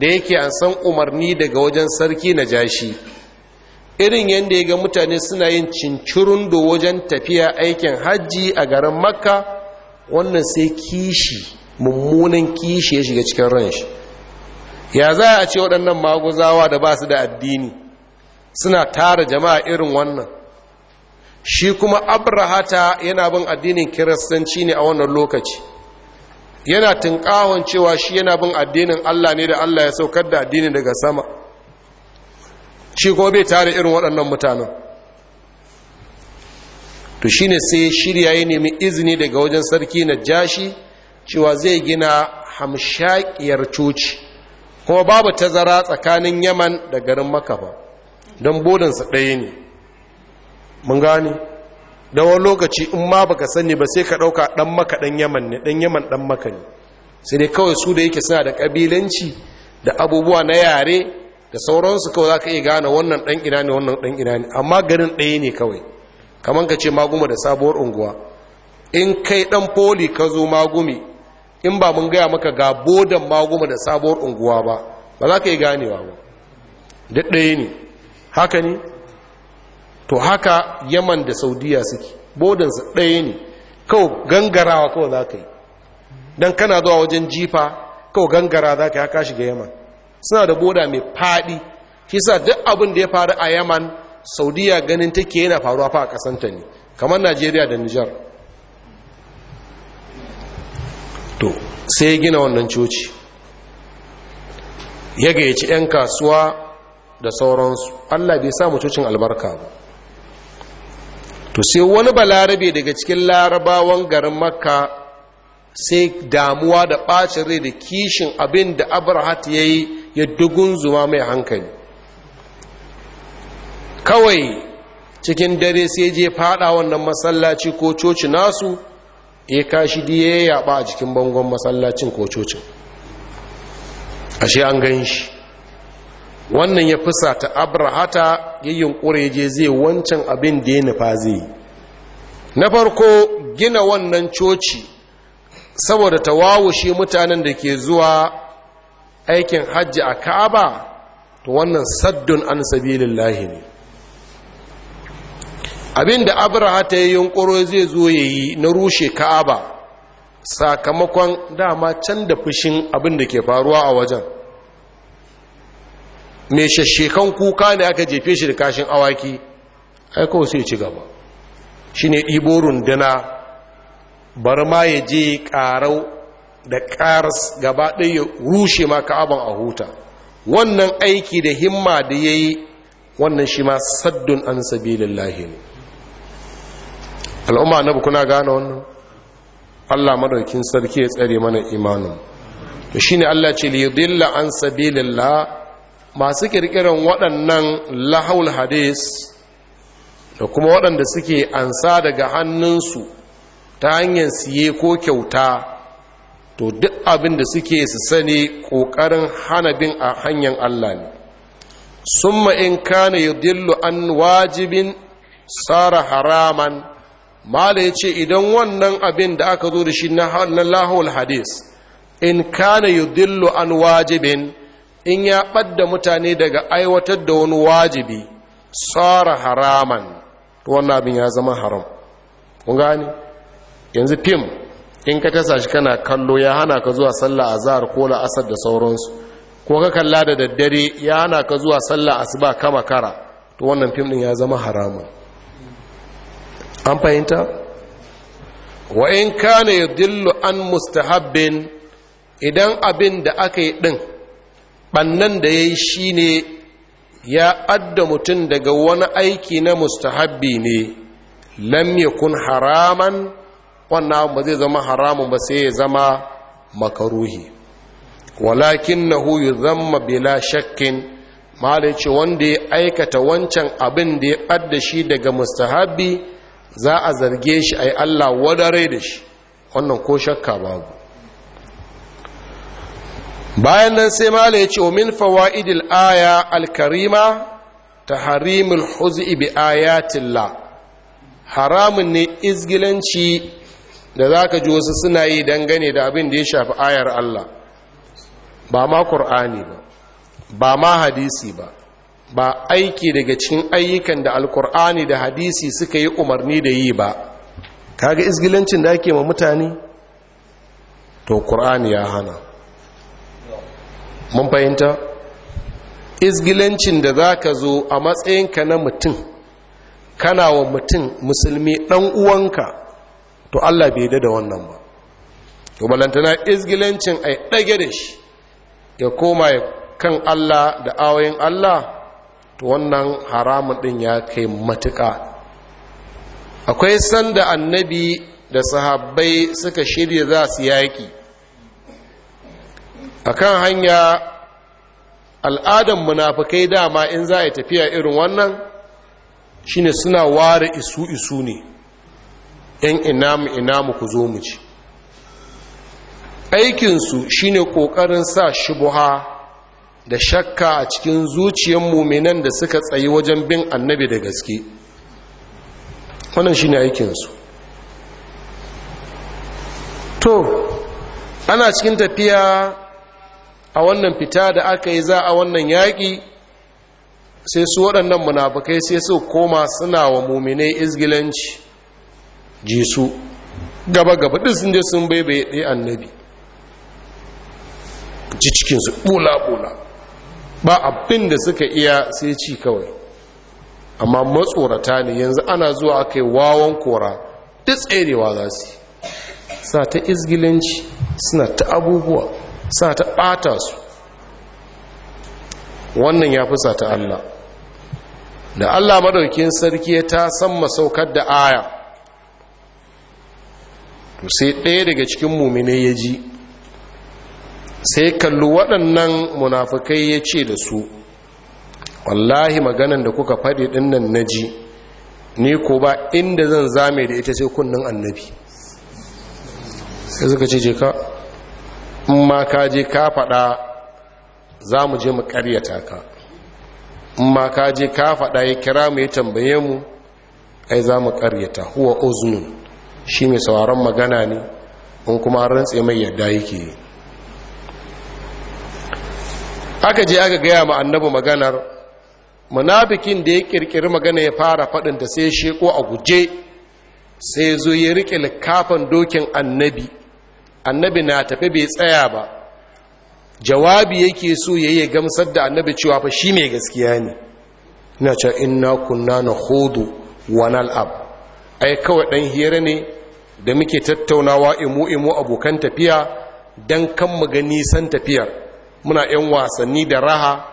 da yake an san umarni daga wajen sarki na jashi irin yadda ya ga mutane suna yin cincirin da wajen tafiya aikin hajji a garin makka wannan sai kishi mummunan kishi ya shiga cikin ranshi ya za a ce waɗannan maguzawa da ba su da addini suna tara jama'a irin wannan shi kuma abrahata yana bin addinin kiristanci ne a wannan lokaci yana tunƙahon cewa shi yana bin addinin allah ne da allah ya saukar da addinin daga sama shi kuma bai tare irin waɗannan mutanen to shi ne sai shirya ya nemi izini daga wajen sarki na jashi cewa zai gina hamshakiyar coci kuma babu tazara tsakanin yaman da garin makafa don bodinsa ɗaya ne mun gane da wani lokaci in ma baka sani ba sai ka ɗauka ɗan maka ɗan yaman ne ɗan yaman ɗan maka ne sai dai kawai su da yake suna da ƙabilanci da abubuwa na yare da sauransu kawai za ka iya gane wannan ɗan ina ne wannan ɗan ina ne amma garin ɗaya ne kawai kamar ka ce maguma da sabuwar unguwa in kai ɗan poli ka zo magumi in ba mun gaya maka ga bodan maguma da sabuwar unguwa ba ba za ka iya ganewa ba duk ɗaya ne haka ne to haka yaman da saudiya suke bodansu ɗaya ne kawai gangarawa kawo za ka yi don kana zuwa wajen jifa kawo gangara za ka yi haka shiga yaman suna da boda mai faɗi shi sa duk abin da ya faru a yaman saudiya ganin take yana faruwa fa a ƙasanta ne kamar najeriya da nijar to sai ya gina wannan coci ya gayyaci 'yan kasuwa da sauransu allah bai samu cocin albarka ba to sai wani balarabe daga cikin larabawan garin makka sai damuwa da ɓacin rai da kishin abin da abrahat ya yi ya dugun zuma mai hankali kawai cikin dare sai je fada wannan masallaci ko coci nasu ya kashi da ya yaba a cikin bangon masallacin ko cocin ashe an gan shi wannan ya fusa ta abrahata ya yunkure je zai wancan abin da ya nufa zai na farko gina wannan coci saboda ta wawushe mutanen da ke zuwa aikin hajji a ka'aba to wannan saddun an lahi ne abin da abrahata ya yunkuro zai zo ya yi na rushe ka'aba sakamakon dama can da fushin abin da ke faruwa a wajen mai shashekan kuka ne aka jefe shi da kashin awaki ai kawai sai ci gaba shi ne ɗibo runduna bar ma ya je karau da kars gaba ɗaya ya rushe ma ka'aban a huta wannan aiki da himma da ya yi wannan shi ma saddun an sabilillahi ne al'umma na bukuna gane wannan allah madaukin sarki ya tsare mana imanin shi ne allah ce liyudilla an sabilillah masu kirkirar waɗannan lahaul hadis da kuma waɗanda suke ansa daga hannunsu ta hanyar siye ko kyauta to duk abin da suke su sani ƙoƙarin hana bin a hanyar Allah ne summa in kana yudillu an wajibin sara haraman mala ya ce idan wannan abin da aka zo da shi na lahul hadis in kana yudillu an wajibin in ya ɓadda mutane daga aiwatar da wani wajibi tsara haraman wannan abin ya zama haram kun gani yanzu fim in ka tasa shi kana kallo ya hana ka zuwa sallah azhar ko asar da sauransu ko ka kalla da daddare ya hana ka zuwa sallah asuba kama kara to wannan fim din ya zama haramun an fahimta wa in kana yadillu an mustahabbin idan abin da aka yi din ɓannan da ya yi shi ne ya adda mutum daga wani aiki na mustahabbi ne lamye kun haraman wannan ba zai zama haramun ba sai ya zama makaruhi walakin na huyu zama bila shakkin malai ce wanda ya aikata wancan abin da ya ɓadda shi daga mustahabbi za a zarge shi a yi allah wadarai da shi wannan ko shakka babu bayan nan sai mala ya ce min fawaidil aya alkarima ta harimul huzi bi ayatillah haramun ne izgilanci da za ka ji wasu suna yi dangane da abin da ya shafi ayar Allah ba ma ƙur'ani ba ba ma hadisi ba ba aiki daga cikin ayyukan da alkur'ani da hadisi suka yi umarni da yi ba kaga izgilancin da ake ma mutane to ƙur'ani ya hana mun fahimta izgilancin da za ka zo a matsayinka na mutum kana wa mutum musulmi ɗan uwanka to allah bai da wannan ba to balantana izgilancin a ɗage da shi ya koma kan allah da awayin allah to wannan haramun ɗin ya kai matuka. akwai sanda annabi da sahabbai suka shirya za su yaƙi A kan hanya al'adan munafukai dama in za a yi tafiya irin wannan shine suna ware isu isu ne yan inamu inamu ku zo mu ci aikinsu shine kokarin sa shubuha da shakka a cikin zuciyar muminan da suka tsayi wajen bin annabi da gaske wannan shine aikinsu to ana cikin tafiya a wannan fita da aka yi za a wannan yaƙi sai su waɗannan munafukai sai su koma suna wa muminai izgilanci ji su gaba-gaba ɗin sun je sun baibaye ɗaya annabi ji cikinsu ɓula-ɓula ba abin da suka iya sai ci kawai amma matsorata ne yanzu ana zuwa aka yi wawan kora duk tserewa za su sa ta izgilanci suna ta abubuwa sa ta ɓata su wannan ya fusa ta Allah da Allah madaukin sarki ya ta san masaukar da aya to sai ɗaya daga cikin mumine ya ji sai kallu waɗannan munafukai ya ce da su wallahi maganan da kuka faɗi ɗinnan na ji ni ko ba inda zan zame da ita sai kunnin annabi sai suka ce je ka in ma ka je ka faɗa za mu je mu ƙaryata ka in ma ka je ka faɗa ya kira mu ya tambaye mu ai za mu ƙaryata huwa uznun shi mai sauraron magana ne in kuma rantse mai yadda yake yi aka je aka gaya ma annabi maganar munafikin da ya kirkiri magana ya fara faɗin da sai sheko a guje sai zo ya riƙe likafan dokin annabi annabi na tafi bai tsaya ba jawabi yake so ya yi gamsar da annabi cewa fa shi mai gaskiya ne ina ce ina kunna na hudu wa al'ab ai kawai ɗan hira ne da muke tattaunawa imu imu abokan tafiya don kan mu san tafiyar muna yan wasanni da raha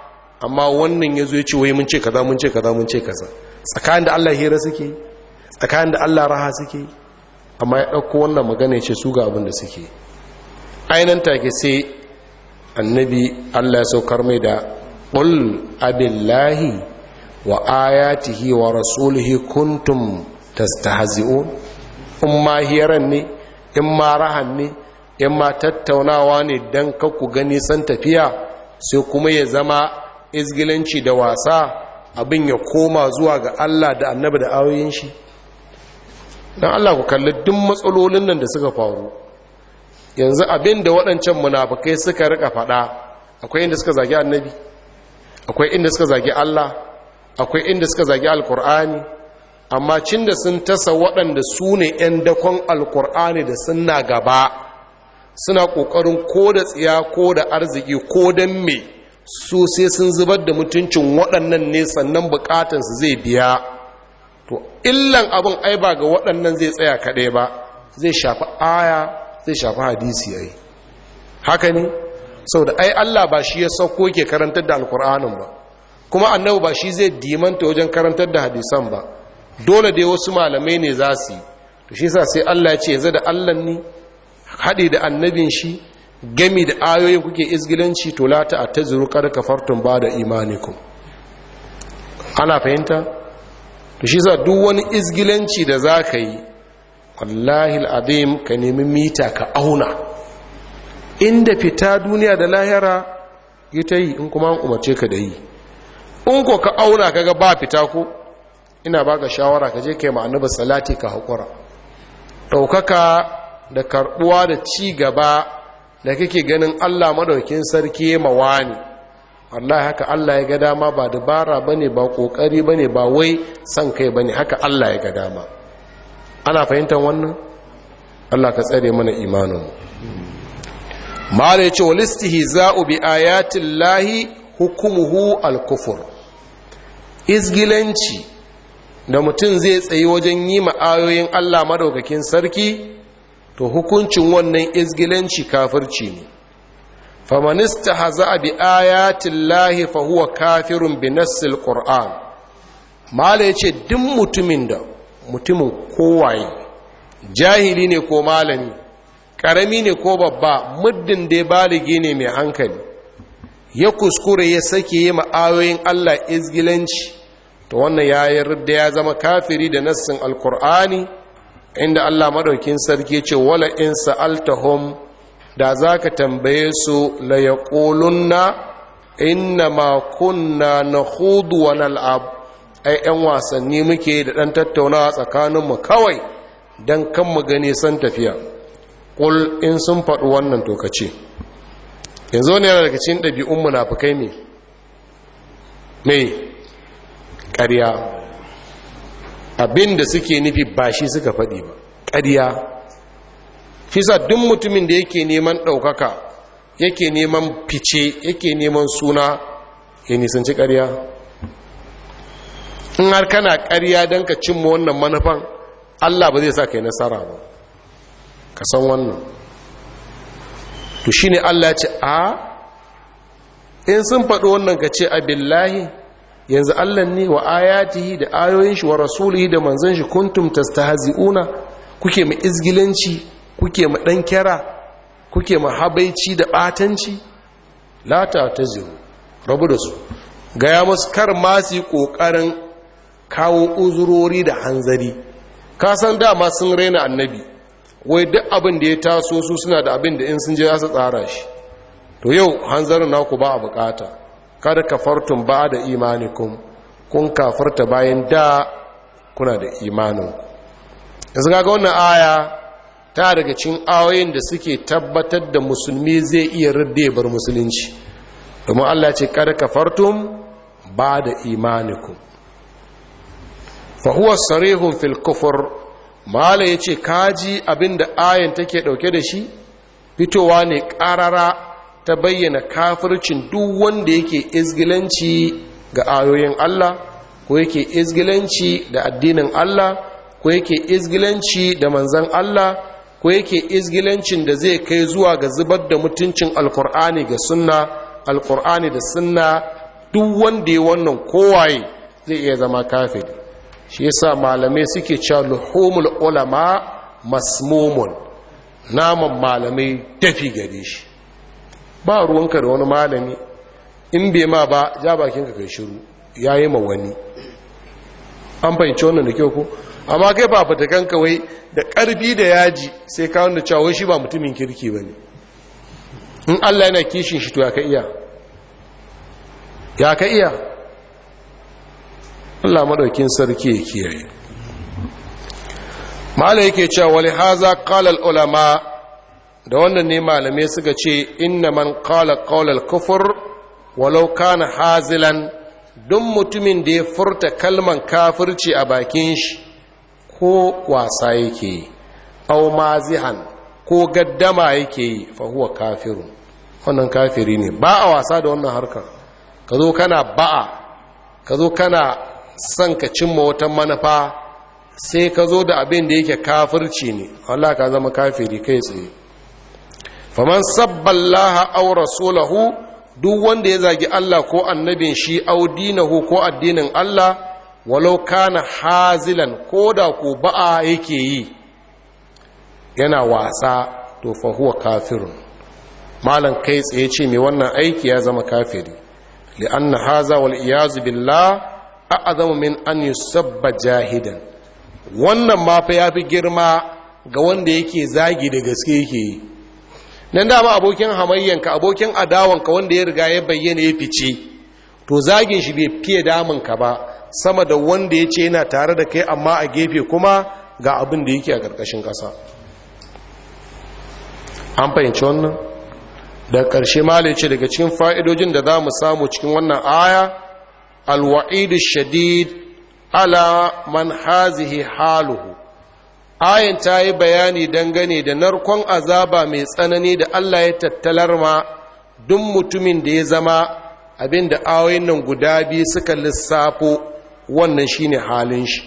amma wannan ya zo ya wai mun ce kaza mun ce kaza mun ce kaza tsakanin da Allah hira suke tsakanin da Allah raha suke amma ya ɗauko wannan magana ya ce su ga abin da suke ainihin take sai annabi allah ya saukar mai da ƙul abillahi wa ayatihi wa rasulihi kuntum tastahzi'un in ma hiyaran ne in ma rahan ne in ma tattaunawa ne don ku gani san tafiya sai kuma ya zama izgilanci da wasa abin ya koma zuwa ga allah da annabi da ayoyin shi don Allah ku kalli duk matsalolin nan da suka faru yanzu abin da waɗancan munafukai suka rika faɗa akwai inda suka zagi annabi akwai inda suka zagi Allah akwai inda suka zagi alkur'ani amma cin da sun tasa waɗanda su ne 'yan dakon alkur'ani da sunna gaba suna ƙoƙarin ko da tsiya ko da arziki ko don me su sai sun zubar da mutuncin waɗannan ne sannan bukatansu zai biya to illan abin ai ba ga waɗannan zai tsaya kaɗai ba zai shafi aya zai shafi hadisi yayi haka ne da ai Allah ba shi ya sauko ke karantar da alkur'anin ba kuma annabu ba shi zai dimanta wajen karantar da hadisan ba dole dai wasu malamai ne za su yi to shi sa sai Allah ya ce yanzu da Allah ni haɗe da annabin shi gami da ayoyin kuke izgilanci to la ta atazuru kad kafartum ba da imanikum ana fahimta to shi sa duk wani izgilanci da za ka yi wallahi al'adim ka nemi mita ka auna inda fita duniya da lahira yi ta yi in kuma an umarce ka da yi in ko ka auna kaga ba fita ko ina ba baka shawara ka je kai ma'anu ba salati ka haƙura ɗaukaka da karɓuwa da ci gaba da kake ganin allah madaukin sarki mawani wallahi haka Allah ya ga dama ba dabara bane ba kokari bane ba wai san kai bane haka Allah ya ga dama ana fahimtar wannan Allah ka tsare mana imanin mu mala yace wal ubi bi ayati hukumuhu al izgilanci da mutum zai tsayi wajen yi ma'ayoyin Allah madaukakin sarki to hukuncin wannan izgilanci kafirci ne famanista haza bi ayatin lahi fahuwa kafirun bi nassil ƙor'an mala ya ce duk mutumin da mutumin kowaye jahili ne ko malami ƙarami ne ko babba muddin da ya baligi gini mai hankali ya kuskure ya sake yi ma'ayoyin allah izgilanci Ta wannan ya yarda ya zama kafiri da nassin alkur'ani inda allah maɗaukin sarki ce wala in sa'altahum da za ka tambaye su la ya ƙolunna inna ma kunna na hudu wa nal'ab ai 'yan wasanni muke da ɗan tattaunawa tsakaninmu kawai don kan mu gani san tafiya ƙul in sun faɗi wannan tokaci yanzu ne yana daga cikin ɗabi'un munafukai ne mai ƙarya abin da suke nufi ba shi suka faɗi ba ƙarya shisa duk mutumin da yake neman ɗaukaka yake neman fice yake neman suna ya nisanci ƙarya in har kana karya don ka cimma wannan manufan allah ba zai sa ka yi nasara ba ka san wannan to shi ne allah ce a in sun faɗi wannan ka ce a billahi yanzu allah ne wa ayatihi da ayoyin shi wa rasulihi da manzan shi kuntum tastahzi'una kuke mai izgilanci kuke ma ɗan kera, kuke ma habaici da ɓatanci lata ta zuru rabu da su gaya masu kar masu ƙoƙarin kawo uzurori da hanzari kasan dama sun raina annabi wai duk abin da ya taso su suna da abin da in sun je za su tsara shi to yau hanzarin naku ba a bukata kada ka fartun ba da imani kun kafarta bayan da kuna da imaninku yanzu ga wannan aya ta daga cin ayoyin da suke tabbatar da musulmi zai iya ridde bar musulunci domin Allah ce kada kafartum ba da imaniku. Fahuwar sarihun filkufur kufur ya ce kaji abinda ayan take dauke da shi fitowa ne karara ta bayyana kafircin duk wanda yake izgilanci ga ayoyin Allah ko yake izgilanci da addinin Allah ko yake izgilanci da manzan Allah ko yake izgilancin da zai kai zuwa ga zubar da mutuncin alkur'ani ga sunna alkur'ani da sunna duk wanda ya wannan kowaye zai iya zama kafin. shi yasa malamai suke cewa luhumul ulama masmumun naman malamai tafi gare shi ba ruwanka da wani malami in bai ma ba ja ka kai shiru yayi ma wani an fahimci wannan da kyau ko amma kai ba fatakan kawai da ƙarfi da yaji sai kawo da cewa shi ba mutumin kirki ba ne in allah yana kishin shi to ya ka iya ya ka iya allah maɗaukin sarki ya kiyaye mala yake cewa wali haza kalal ulama da wannan ne malamai suka ce inna man ƙala kalal kufur walau kana hazilan don mutumin da ya furta kalman kafirci a bakin shi ko wasa yake yi au mazihan ko gaddama yake yi fahuwa Kafiru, wannan kafiri ne ba a wasa da wannan harkar ka zo kana ba'a ka zo kana son ka cimma wata manufa sai ka zo da abin da yake kafirci ne Allah ka zama kafiri kai tsaye faman sabballaha aw rasulahu duk wanda ya zagi Allah ko annabin shi au dinahu ko addinin Allah walau kana hazilan ko da ko ba'a yake yi yana wasa to fa huwa kafirun malam kai tsaye ce mai wannan aiki ya zama kafiri li'anna haza wal iyazu billah a'azamu min an yusabba jahidan wannan ma fa yafi girma ga wanda yake zagi da gaske yake yi nan dama abokin hamayyanka abokin adawanka wanda ya riga ya bayyana ya fice to zagin shi bai fiye damunka ba sama da wanda ya ce yana tare da kai amma a gefe kuma ga abin da yake a ƙarƙashin ƙasa an fahimci wannan da ƙarshe male ce daga cikin fa'idojin da za mu samu cikin wannan aya alwa'idu shadid ala man hazihi haluhu ayin ta yi bayani dangane da narkon azaba mai tsanani da allah ya tattalar ma duk mutumin da ya zama abin da ayoyin nan guda biyu suka lissafo wannan shine halin shi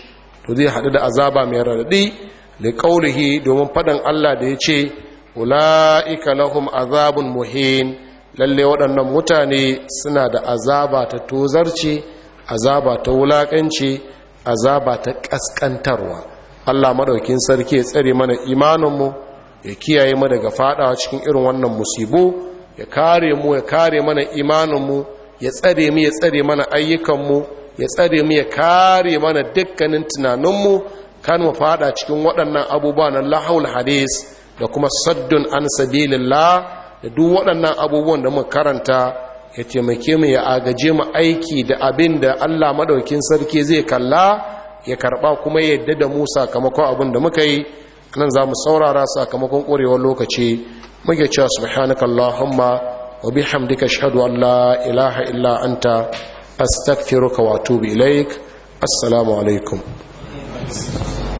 to zai haɗu da azaba mai raɗaɗi da ƙaunihi domin faɗin Allah da ya ce ula'ika lahum azabun muhin lalle waɗannan mutane suna da azaba ta tozarci azaba ta wulaƙanci azaba ta ƙasƙantarwa Allah maɗaukin sarki ya tsare mana imaninmu ya kiyaye mu daga faɗawa cikin irin wannan musibo ya kare mu ya kare mana imaninmu ya tsare mu ya tsare mana ayyukanmu ya tsare mu ya kare mana dukkanin tunaninmu kan mu fada cikin waɗannan abubuwa na lahaul hadis da kuma saddun an sabilillah da duk waɗannan abubuwan da mu karanta ya taimake mu ya agaje mu aiki da abin da Allah madaukin sarki zai kalla ya karba kuma ya yadda da mu sakamakon abin da muka yi nan za mu saurara sakamakon ƙorewar lokaci muke cewa subhanakallahumma wa bihamdika ashhadu an la ilaha illa anta استغفرك واتوب اليك السلام عليكم